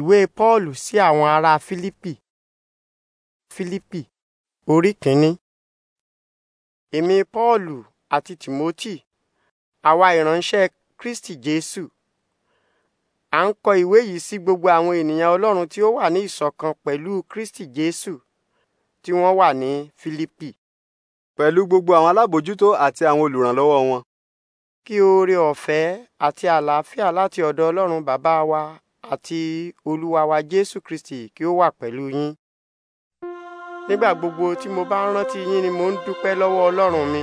Ìwé Pọ́ọ̀lù sí àwọn ará Fílípì. Fílípì orí kìíní. Èmi Pọ́ọ̀lù àti Tìmótì, àwa ìránṣẹ́ Kristi Jésù. À ń kọ ìwé yìí sí gbogbo àwọn ènìyàn Ọlọ́run tí ó wà ní ìṣọ̀kan pẹ̀lú Kristi Jésù tí wọ́n wà ní Fílípì. Pẹ̀lú gbogbo àwọn alábòjútó àti àwọn olùrànlọ́wọ́ wọn. Kí oore ọ̀fẹ́ àti àlàáfíà láti ọ̀dọ̀ Ọlọ́run bàbá wa àti olúwa wa jésù kristi kí ó wà pẹ̀lú yín nígbà gbogbo tí mo bá ń rántí yín ni mo ń dúpẹ́ lọ́wọ́ ọlọ́run mi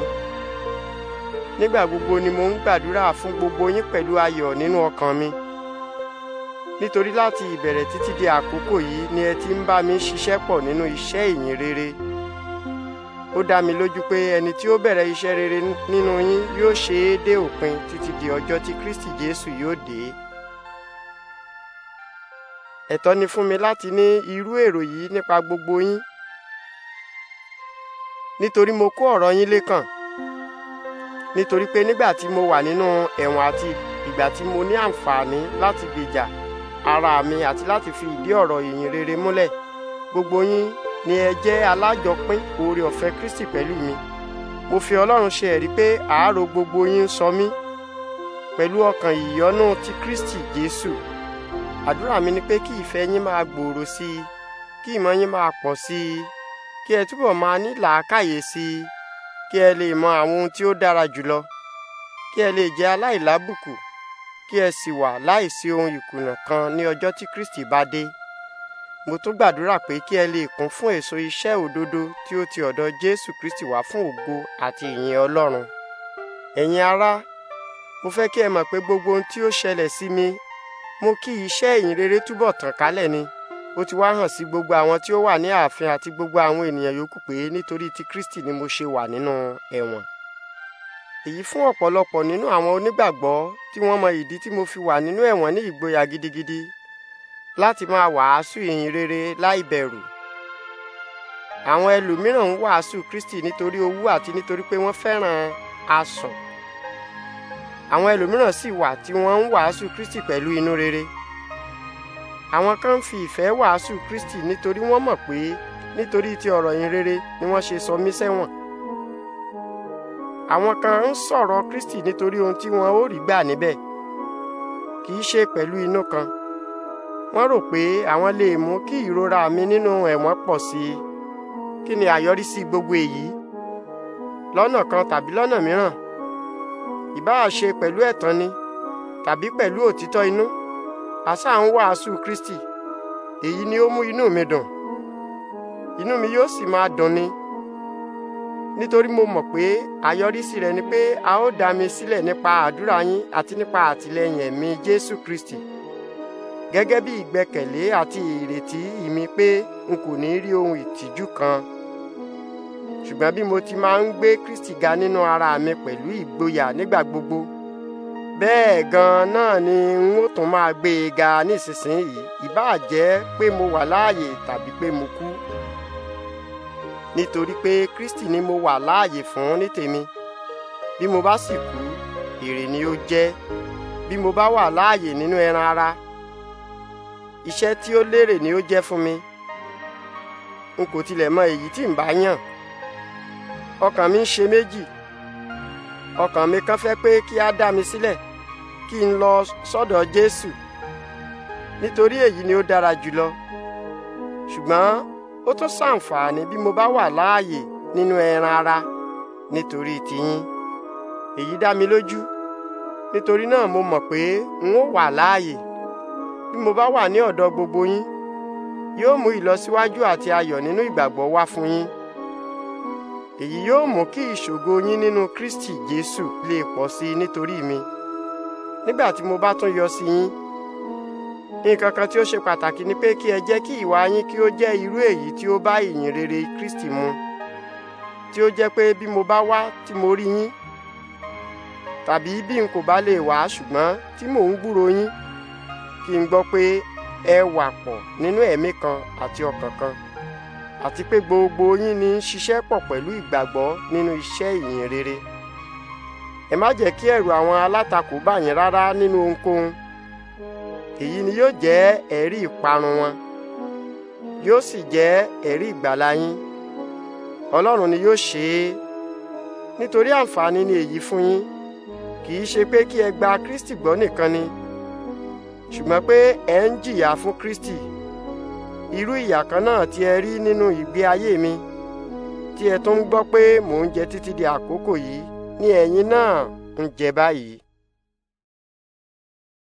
nígbà gbogbo ni mo ń gbàdúrà fún gbogbo yín pẹ̀lú ayọ̀ nínú ọkàn mi nítorí láti ìbẹ̀rẹ̀ títí di àkókò yìí ni ẹ ti ń bá mi ṣiṣẹ́ pọ̀ nínú iṣẹ́ ìyìn rere ó dá mi lójú pé ẹni tí ó bẹ̀rẹ̀ iṣẹ́ rere nínú yín yóò ṣe é dé òpin títí di ọjọ́ tí kristi jésù yóò dé ẹ̀tọ́ ni fún mi láti ní irú èrò yìí nípa gbogbo yín nítorí mo kó ọ̀rọ̀ yín lékàn nítorí pé nígbà tí mo wà nínú ẹ̀wọ̀n àti ìgbà tí mo ní àǹfààní láti gbèjà ara mi àti láti fi ìdí ọ̀rọ̀ ìyìn rere múlẹ̀ gbogbo yín ni ẹ jẹ́ alájọpín oore ọ̀fẹ́ Kristi pẹ̀lú mi mo fi Ọlọ́run ṣe ẹ̀rí pé àárò gbogbo yín sọ mí pẹ̀lú ọkàn ìyọ́nú ti Kristi Jésù àdúrà mi ni pé kí ìfẹ́ yín máa gbòòrò sí i kí ìmọ̀ yín máa pọ̀ sí i kí ẹ túbọ̀ máa ní làákàyè sí i kí ẹ lè mọ àwọn ohun tí ó dára jùlọ kí ẹ lè jẹ́ aláìlábùkù kí ẹ sì wà láìsí ohun ìkùnà kan ní ọjọ́ tí Kristi bá dé mo tún gbàdúrà pé kí ẹ lè kún fún èso iṣẹ́ òdodo tí ó ti ọ̀dọ̀ Jésù Kristi wá fún ògo àti ìyìn Ọlọ́run ẹ̀yin ará mo fẹ́ kí ẹ mọ̀ pé gbogbo ohun tí ó ṣẹlẹ̀ sí mi mú kí iṣẹ́ ìyìn rere túbọ̀ tàn kálẹ̀ ni ó ti wá hàn sí gbogbo àwọn tí ó wà ní ààfin àti gbogbo àwọn ènìyàn yòókù pé nítorí ti Kristi ni mo ṣe wà nínú ẹ̀wọ̀n èyí fún ọ̀pọ̀lọpọ̀ nínú àwọn onígbàgbọ́ tí wọ́n mọ ìdí tí mo fi wà nínú ẹ̀wọ̀n ní ìgboyà gidigidi láti máa wàásù ìyìn rere láì bẹ̀rù àwọn ẹlòmíràn ń wàásù Kristi nítorí owú àti nítorí pé wọ́n fẹ́ràn asọ̀ àwọn ẹlòmíràn sì wà tí wọ́n ń wàásù Kristi pẹ̀lú inú rere àwọn kan fi ìfẹ́ wàásù Kristi nítorí wọ́n mọ̀ pé nítorí ti ọ̀rọ̀ yìn rere ni wọ́n ṣe sọ mí sẹ́wọ̀n àwọn kan ń sọ̀rọ̀ Kristi nítorí ohun tí wọ́n ó rí gbà níbẹ̀ kì í ṣe pẹ̀lú inú kan wọ́n rò pé àwọn lè mú kí ìrora mi nínú ẹ̀wọ̀n pọ̀ sí i kí ni àyọrísí gbogbo èyí lọ́nà kan tàbí lọ́nà mìíràn ìbáà ṣe pẹ̀lú ẹ̀tàn ni tàbí pẹ̀lú òtítọ́ inú àṣà ń wàásù Kristi èyí ni ó mú inú mi dùn inú mi yóò sì máa dùn ni nítorí mo mọ̀ pé àyọrísí rẹ̀ ni pé a ó dá mi sílẹ̀ nípa àdúrà yín àti nípa àtìlẹ́yìn ẹ̀mí Jésù Kristi gẹ́gẹ́ bí ìgbẹ́kẹ̀lé àti ìrètí ìmí pé n kò ní rí ohun ìtìjú kan ṣùgbọ́n bí mo ti máa ń gbé Kristi ga nínú ara mi pẹ̀lú ìgboyà nígbà gbogbo bẹ́ẹ̀ gan-an náà ni n ó tún máa gbé e ga nísinsìnyí ìbáà jẹ́ pé mo wà láàyè tàbí pé mo kú nítorí pé Kristi ni mo wà láàyè fún ní tèmi bí mo bá sì kú èrè ni ó jẹ́ bí mo bá wà láàyè nínú ẹran ara iṣẹ́ tí ó lérè ni ó jẹ́ fún mi n kò tilẹ̀ mọ èyí tí n bá yàn ọkàn mi ń ṣe méjì ọkàn mi kan fẹ́ pé kí á dá mi sílẹ̀ kí n lọ sọ́dọ̀ Jésù nítorí èyí ni ó dára jùlọ ṣùgbọ́n ó tún ṣàǹfààní bí mo bá wà láàyè nínú ẹran ara nítorí tiyín èyí dá mi lójú nítorí náà mo mọ̀ pé n ó wà láàyè bí mo bá wà ní ọ̀dọ̀ gbogbo yín yóò mú ìlọsíwájú àti ayọ̀ nínú ìgbàgbọ́ wá fún yín. èyí yóò mú kí ìṣògo yín nínú Kristi Jésù lè pọ̀ sí i nítorí mi nígbà tí mo bá tún yọ sí yín nǹkan kan tí ó ṣe pàtàkì ni pé kí ẹ jẹ́ kí ìwà yín kí ó jẹ́ irú èyí tí ó bá ìyìn rere Kristi mu tí ó jẹ́ pé bí mo bá wá tí mo rí yín tàbí bí n kò bá lè wá ṣùgbọ́n tí mò ń gbúro yín kí n gbọ́ pé ẹ wà pọ̀ nínú ẹ̀mí kan àti ọkàn kan. àti pé gbogbo yín ní í ṣiṣẹ́ pọ̀ pẹ̀lú ìgbàgbọ́ nínú iṣẹ́ ìyìn rere ẹ má jẹ́ kí ẹ̀rù àwọn alátakò bá yín rárá nínú ohunkóhun èyí ni yóò jẹ́ ẹ̀rí ìparun wọn yóò sì jẹ́ ẹ̀rí ìgbàlà yín ọlọ́run ni yóò ṣe é nítorí àǹfààní ni èyí fún yín kì í ṣe pé kí ẹ gba Kristi gbọ́ nìkan ni ṣùgbọ́n pé ẹ ń jìyà fún Kristi. irú ìyà kan náà ti ẹ rí nínú ìgbé ayé mi tí ẹ tún gbọ́ pé mò ń jẹ títí di àkókò yìí ni eyin náà ń jẹ báyìí